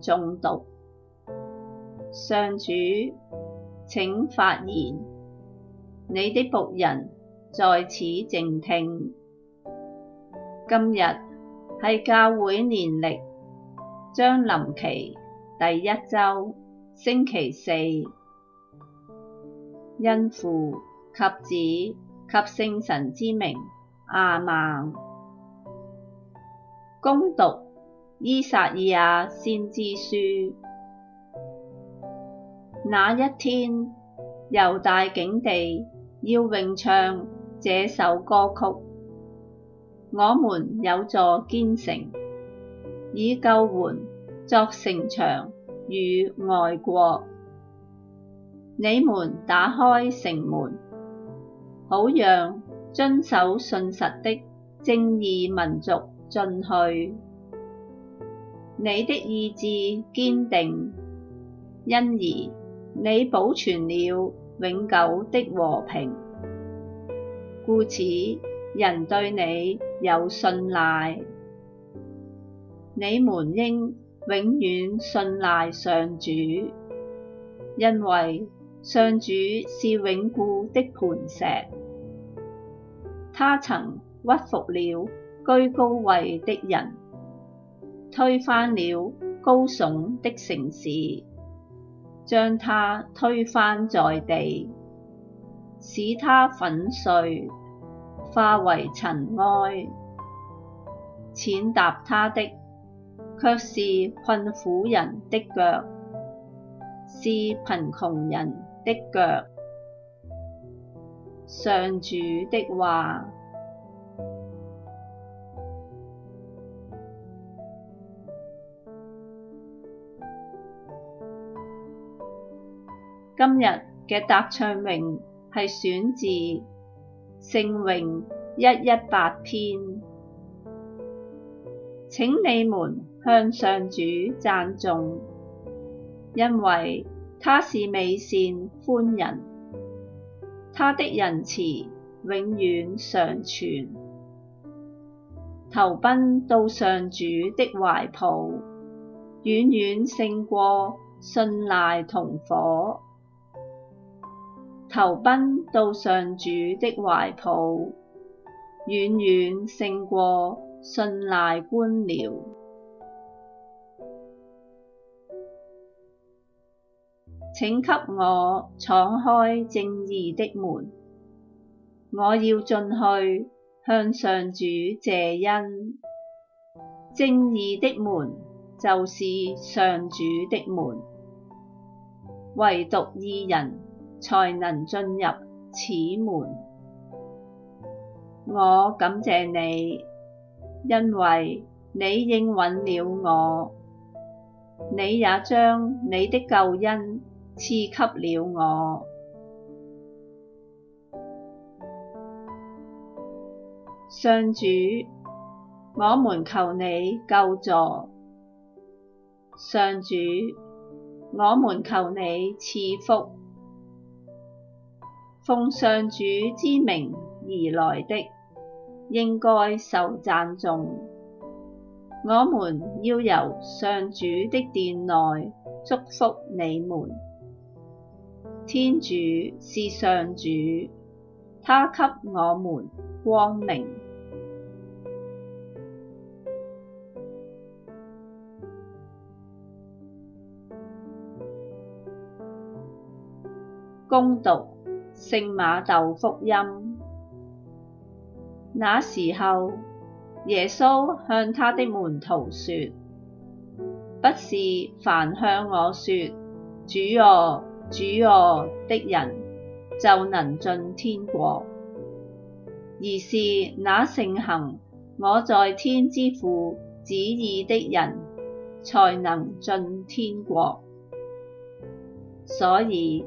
中毒，上主請發言，你的僕人在此靜聽。今日係教會年曆將臨期第一週星期四，因父及子及聖神之名阿們，恭讀。依撒意亞先知書：那一天，猶大境地要詠唱這首歌曲。我們有座堅城，以救援作城牆與外郭。你們打開城門，好讓遵守信實的正義民族進去。你的意志堅定，因而你保存了永久的和平，故此人對你有信賴，你們應永遠信賴上主，因為上主是永固的磐石，他曾屈服了居高位的人。推翻了高聳的城市，將她推翻在地，使她粉碎，化為塵埃。踐踏她的，卻是困苦人的腳，是貧窮人的腳。上主的話。今日嘅答唱詠係選自聖詠一一八篇，請你們向上主讚頌，因為他是美善寬仁，他的仁慈永遠常存。投奔到上主的懷抱，遠遠勝過信賴同夥。」投奔到上主的懷抱，遠遠勝過信賴官僚。請給我敞開正義的門，我要進去向上主謝恩。正義的門就是上主的門，唯獨義人，才能進入此門。我感謝你，因為你應允了我，你也將你的救恩賜給了我。上主，我們求你救助。上主，我們求你賜福。奉上主之名而來的，應該受讚頌。我們要由上主的殿內祝福你們。天主是上主，他給我們光明。恭讀。聖馬竇福音，那時候耶穌向他的門徒說：，不是凡向我說主啊！主啊！的人就能進天國，而是那承行我在天之父旨意的人才能進天國。所以。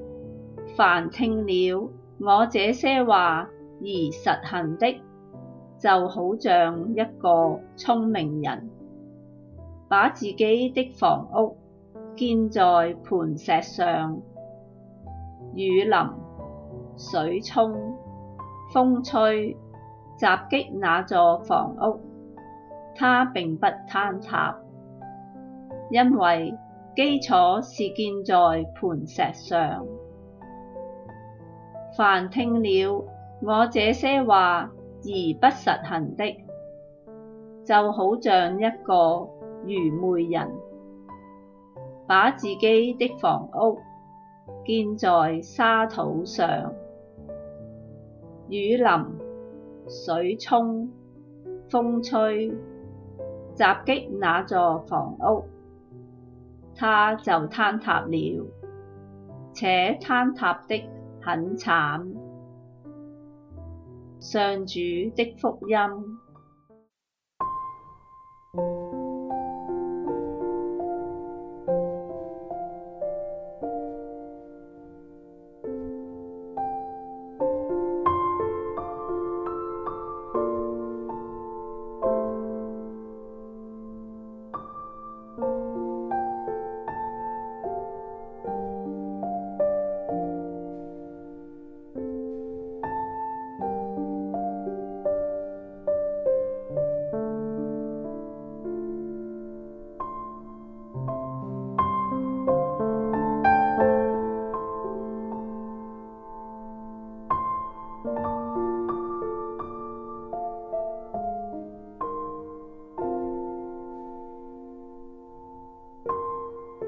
凡聽了我這些話而實行的，就好像一個聰明人，把自己的房屋建在磐石上。雨淋、水沖、風吹，襲擊那座房屋，它並不坍塌，因為基礎是建在磐石上。凡聽了我這些話而不實行的，就好像一個愚昧人，把自己的房屋建在沙土上，雨淋、水沖、風吹，襲擊那座房屋，它就坍塌了，且坍塌的。很慘，上主的福音。